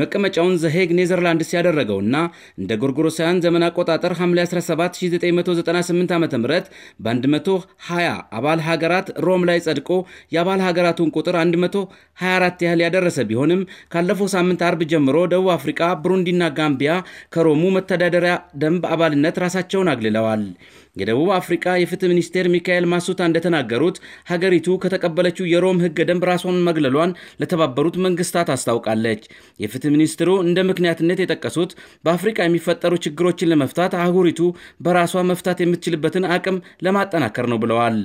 መቀመጫውን ዘሄግ ኔዘርላንድስ ያደረገውና እንደ ጎርጎሮሳውያን ዘመን አቆጣጠር ሐምሌ 17 1998 ዓ ም በ120 አባል ሀገራት ሮም ላይ ጸድቆ የአባል ሀገራቱን ቁጥር 124 ያህል ያደረሰ ቢሆንም ካለፈው ሳምንት አርብ ጀምሮ ደቡብ አፍሪካ፣ ብሩንዲና ጋምቢያ ከሮሙ መተዳደሪያ ደንብ አባልነት ራሳቸውን አግልለዋል። የደቡብ አፍሪካ የፍትህ ሚኒስቴር ሚካኤል ማሱታ እንደተናገሩት ሀገሪቱ ከተቀበለችው የሮም ህገ ደንብ ራሷን መግለሏን ለተባበሩት መንግስታት አስታውቃለች። የፍትህ ሚኒስትሩ እንደ ምክንያትነት የጠቀሱት በአፍሪቃ የሚፈጠሩ ችግሮችን ለመፍታት አህጉሪቱ በራሷ መፍታት የምትችልበትን አቅም ለማጠናከር ነው ብለዋል።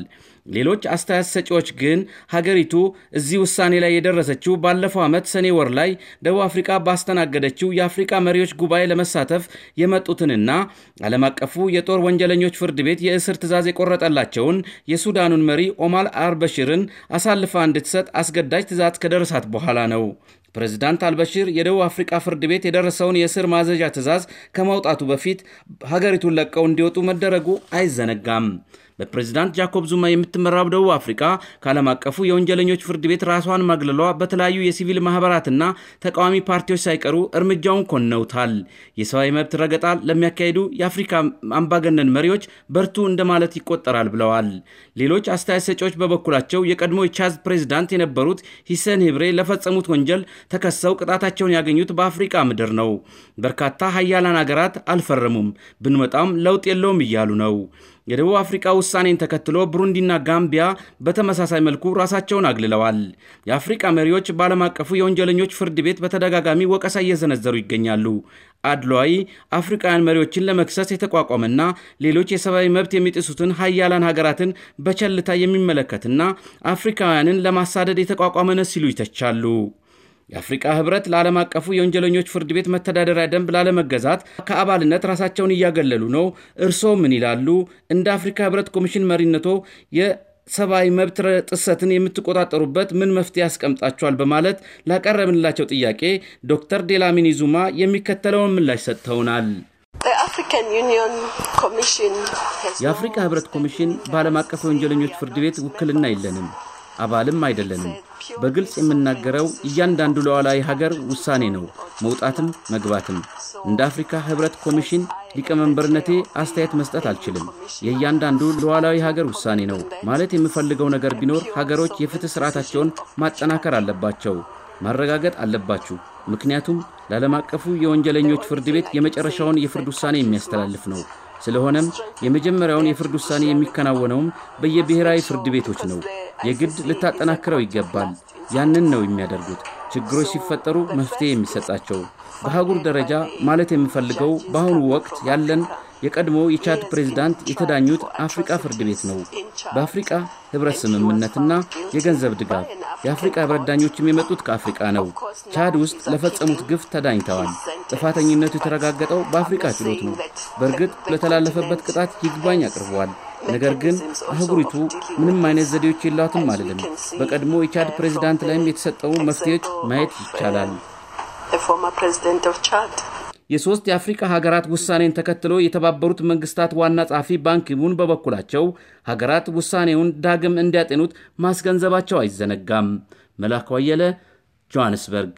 ሌሎች አስተያየት ሰጪዎች ግን ሀገሪቱ እዚህ ውሳኔ ላይ የደረሰችው ባለፈው ዓመት ሰኔ ወር ላይ ደቡብ አፍሪካ ባስተናገደችው የአፍሪካ መሪዎች ጉባኤ ለመሳተፍ የመጡትንና ዓለም አቀፉ የጦር ወንጀለኞች ፍርድ ቤት የእስር ትዕዛዝ የቆረጠላቸውን የሱዳኑን መሪ ኦማል አልበሽርን አሳልፋ እንድትሰጥ አስገዳጅ ትዕዛዝ ከደረሳት በኋላ ነው። ፕሬዚዳንት አልበሽር የደቡብ አፍሪካ ፍርድ ቤት የደረሰውን የእስር ማዘዣ ትዕዛዝ ከማውጣቱ በፊት ሀገሪቱን ለቀው እንዲወጡ መደረጉ አይዘነጋም። በፕሬዝዳንት ጃኮብ ዙማ የምትመራው ደቡብ አፍሪካ ከዓለም አቀፉ የወንጀለኞች ፍርድ ቤት ራሷን ማግለሏ በተለያዩ የሲቪል ማህበራትና ተቃዋሚ ፓርቲዎች ሳይቀሩ እርምጃውን ኮንነውታል። የሰብአዊ መብት ረገጣ ለሚያካሂዱ የአፍሪካ አምባገነን መሪዎች በርቱ እንደማለት ይቆጠራል ብለዋል። ሌሎች አስተያየት ሰጪዎች በበኩላቸው የቀድሞ የቻዝ ፕሬዝዳንት የነበሩት ሂሰን ሂብሬ ለፈጸሙት ወንጀል ተከሰው ቅጣታቸውን ያገኙት በአፍሪካ ምድር ነው። በርካታ ሀያላን ሀገራት አልፈረሙም፣ ብንወጣም ለውጥ የለውም እያሉ ነው። የደቡብ አፍሪካ ውሳኔን ተከትሎ ብሩንዲና ጋምቢያ በተመሳሳይ መልኩ ራሳቸውን አግልለዋል። የአፍሪካ መሪዎች በዓለም አቀፉ የወንጀለኞች ፍርድ ቤት በተደጋጋሚ ወቀሳ እየዘነዘሩ ይገኛሉ። አድሏዊ አፍሪካውያን መሪዎችን ለመክሰስ የተቋቋመና ሌሎች የሰብአዊ መብት የሚጥሱትን ሀያላን ሀገራትን በቸልታ የሚመለከትና አፍሪካውያንን ለማሳደድ የተቋቋመ ነ ሲሉ ይተቻሉ። የአፍሪቃ ህብረት ለዓለም አቀፉ የወንጀለኞች ፍርድ ቤት መተዳደሪያ ደንብ ላለመገዛት ከአባልነት ራሳቸውን እያገለሉ ነው። እርስዎ ምን ይላሉ? እንደ አፍሪካ ህብረት ኮሚሽን መሪነቶ የሰብአዊ መብት ጥሰትን የምትቆጣጠሩበት ምን መፍትሄ ያስቀምጣቸዋል? በማለት ላቀረብንላቸው ጥያቄ ዶክተር ዴላሚኒ ዙማ የሚከተለውን ምላሽ ሰጥተውናል። የአፍሪካ ህብረት ኮሚሽን በዓለም አቀፍ የወንጀለኞች ፍርድ ቤት ውክልና የለንም። አባልም አይደለንም። በግልጽ የምናገረው እያንዳንዱ ሉዓላዊ ሀገር ውሳኔ ነው፣ መውጣትም መግባትም። እንደ አፍሪካ ህብረት ኮሚሽን ሊቀመንበርነቴ አስተያየት መስጠት አልችልም። የእያንዳንዱ ሉዓላዊ ሀገር ውሳኔ ነው ማለት የምፈልገው ነገር ቢኖር ሀገሮች የፍትህ ስርዓታቸውን ማጠናከር አለባቸው፣ ማረጋገጥ አለባችሁ። ምክንያቱም ለዓለም አቀፉ የወንጀለኞች ፍርድ ቤት የመጨረሻውን የፍርድ ውሳኔ የሚያስተላልፍ ነው። ስለሆነም የመጀመሪያውን የፍርድ ውሳኔ የሚከናወነውም በየብሔራዊ ፍርድ ቤቶች ነው። የግድ ልታጠናክረው ይገባል። ያንን ነው የሚያደርጉት። ችግሮች ሲፈጠሩ መፍትሄ የሚሰጣቸው በአህጉር ደረጃ ማለት የምፈልገው በአሁኑ ወቅት ያለን የቀድሞ የቻድ ፕሬዝዳንት የተዳኙት አፍሪቃ ፍርድ ቤት ነው። በአፍሪቃ ህብረት ስምምነትና የገንዘብ ድጋፍ የአፍሪቃ ህብረት ዳኞችም የመጡት ከአፍሪቃ ነው። ቻድ ውስጥ ለፈጸሙት ግፍ ተዳኝተዋል። ጥፋተኝነቱ የተረጋገጠው በአፍሪቃ ችሎት ነው። በእርግጥ ለተላለፈበት ቅጣት ይግባኝ አቅርበዋል። ነገር ግን አህጉሪቱ ምንም አይነት ዘዴዎች የላትም አልልም። በቀድሞ የቻድ ፕሬዚዳንት ላይም የተሰጠው መፍትሄዎች ማየት ይቻላል። የሶስት የአፍሪካ ሀገራት ውሳኔን ተከትሎ የተባበሩት መንግስታት ዋና ጸሐፊ ባንኪሙን በበኩላቸው ሀገራት ውሳኔውን ዳግም እንዲያጤኑት ማስገንዘባቸው አይዘነጋም። መላኩ አየለ ጆሐንስበርግ